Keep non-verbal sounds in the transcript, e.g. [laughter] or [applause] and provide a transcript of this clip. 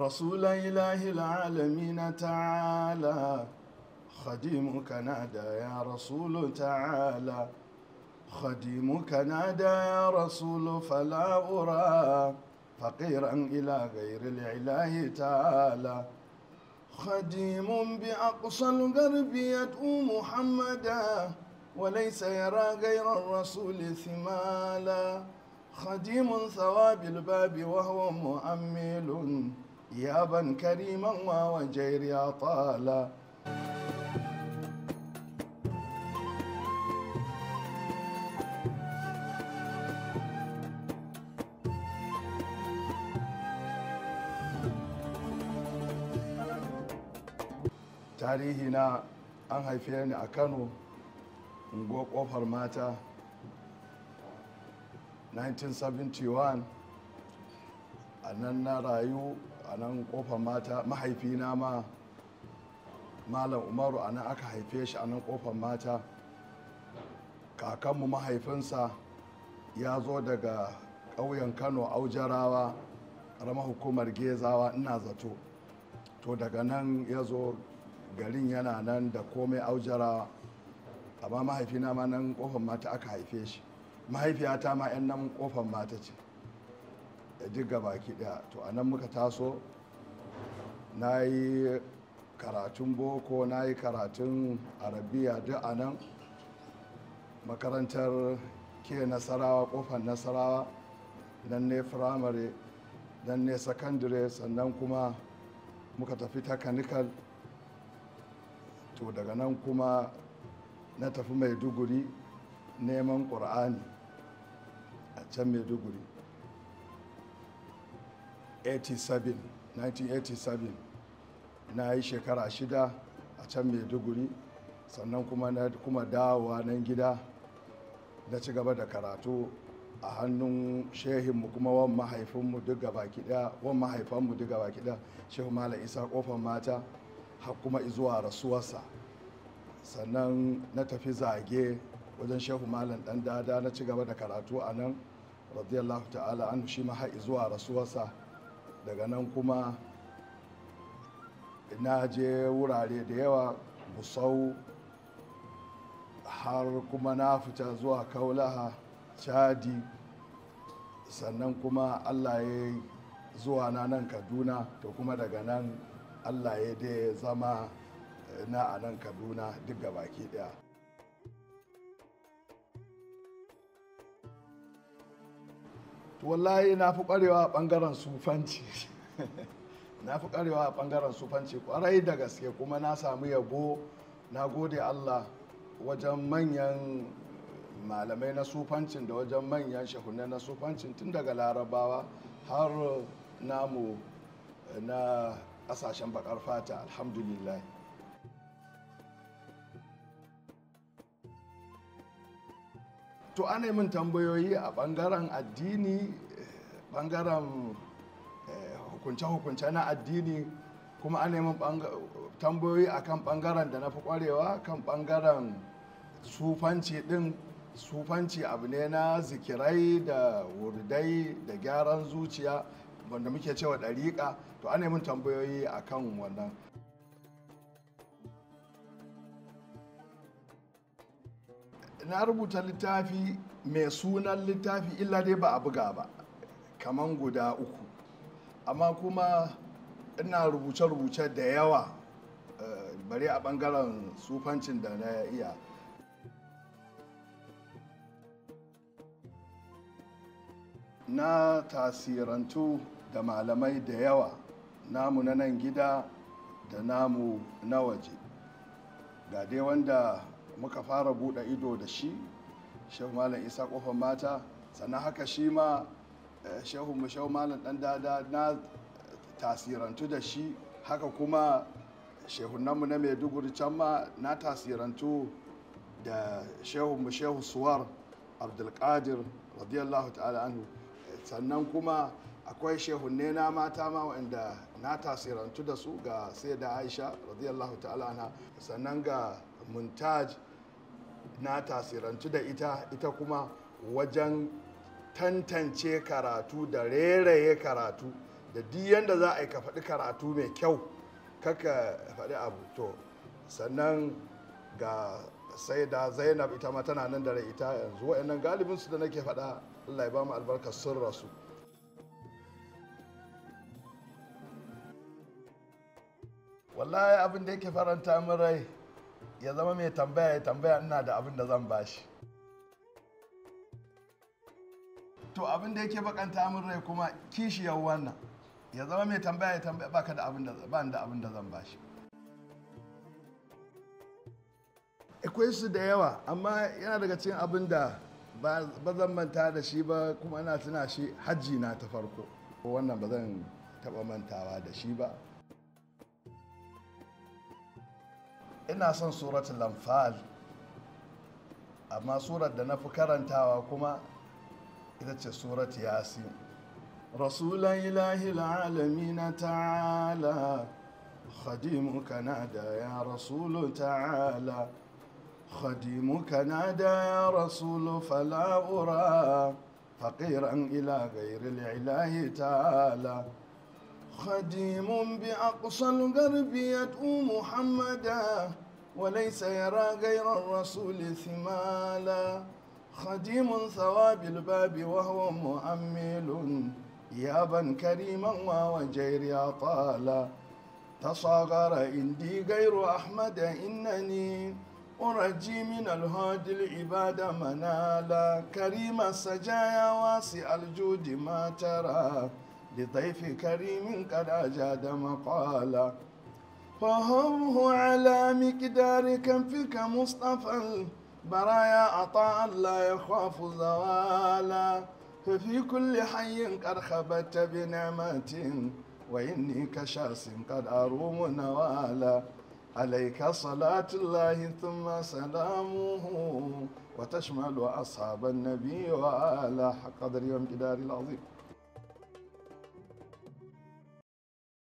رسول إله العالمين تعالى خديمك نادى يا رسول تعالى خديمك نادى يا رسول فلا أرى فقيرا إلى غير الإله تعالى خديم بأقصى الغرب يدعو محمدا وليس يرى غير الرسول ثمالا خديم ثواب الباب وهو مؤمل يابا كريما ووجير عطالا tarihi na an haife ni a kano unguwar kofar mata 1971 a nan na rayu a nan kofar mata mahaifina ma malam umaru a nan aka haife shi a nan kofar mata kakanmu mahaifinsa ya zo daga ƙauyen kano aujarawa rama hukumar gezawa ina zato to daga nan ya zo garin yana nan da komai aujarawa amma mahaifina ma nan kofar mata aka haife shi mahaifiyata ma 'yan nan kofar mata ce ya duk baki daya to a nan muka taso na yi karatun boko na yi karatun arabiya duk a nan makarantar ke nasarawa kofar nasarawa nan ne firamare nan ne sakandire sannan kuma muka tafi takanikal to daga nan kuma na tafi maiduguri neman ƙur'ani a can maiduguri 1987 na yi shekara shida a can maiduguri sannan kuma na kuma dawowa nan gida na ci gaba da karatu a hannun shehinmu kuma wan mahaifinmu duk gaba kiɗa wan mahaifanmu duk gaba kiɗa shehu malam isa kofar mata har kuma zuwa rasuwarsa sannan na tafi zage wajen shehu malam dan dada na ci gaba da karatu a nan radiyallahu ta'ala an shi ma har zuwa rasuwarsa daga nan kuma na je wurare da yawa busau har kuma na fita zuwa kaulaha chadi sannan kuma allah ya zuwa na nan kaduna to kuma daga nan allah ya zama eh, na a nan kaduna duk baki daya wallahi na fi kwarewa a bangaren sufanci [laughs] na fi kwarewa a bangaren sufanci kwarai da gaske kuma na samu yabo na gode allah wajen manyan malamai na sufancin da wajen manyan shahuna na sufancin tun daga larabawa har namu eh, na kasashen bakar fata alhamdulillah to ana min tambayoyi a bangaren addini bangaren eh, hukunce-hukunce na addini kuma ana min tambayoyi a kan bangaren da na fi kwarewa kan bangaren sufanci din sufanci abu ne na zikirai da wurdai da gyaran zuciya wanda muke cewa ɗariƙa to ana min tambayoyi a kan wannan na rubuta littafi mai sunan littafi illa dai ba a buga ba kaman guda uku amma kuma ina rubuce-rubuce da yawa eh, bari a bangaren sufancin da na iya na tasirantu da malamai da yawa namu na nan gida da namu na waje ga dai wanda muka fara buɗe ido da shi shehu malam isa kofar mata sannan haka shi ma eh, shehu mu malam ɗan dada na tasirantu da shi haka kuma shehunanmu na maiduguri can ma na tasirantu da shehu mu suwar abdulkadir radiyallahu ta'ala anhu sannan kuma akwai shehunne na mata ma wanda na tasirantu da su ga sai da aisha radiyallahu ta'ala anha sannan ga muntaj na tasirantu da ita ita kuma wajen tantance karatu da reraye karatu da diyanda yadda za a yi ka faɗi karatu mai kyau kaka faɗi abu to sannan ga sai da zainab ita ma tana nan da rai ita yanzu wa'annan galibinsu da nake faɗa allah ya ba mu albarkar sun rasu wallahi abin da yake faranta min rai ya zama mai tambaya ya tambaya ina da abin da zan bashi to abin da yake bakanta min rai kuma kishiyar wannan ya zama mai tambaya ya tambaya baka da abin da da abin da zan bashi akwai su da yawa amma yana daga cikin abin da ba zan manta da shi ba kuma ana tuna shi hajji na ta farko wannan ba zan taba mantawa da shi ba ina son suratul lamfal amma surat da na fi karantawa kuma ita ce surat yasin rasulan ilahi alamina ta'ala khadimuka nada ya rasulu ta'ala khadimuka nada ya rasulu fala'ura faqiran ila ghairil ilahi ta'ala خديم بأقصى الغرب يدعو محمدا وليس يرى غير الرسول ثمالا خديم ثواب الباب وهو مؤمل يابا كريما ووجير طالا تصاغر عندي غير أحمد إنني أرجي من الهاد العباد منالا كريم السجايا واسع الجود ما ترى لضيف كريم قد أجاد مقالا فهوه على مقدار كنفك مصطفى البرايا عطاء لا يخاف زوالا ففي كل حي قد خبت بنعمة وإني كشاس قد أروم نوالا عليك صلاة الله ثم سلامه وتشمل أصحاب النبي وآله قدر يوم جدار العظيم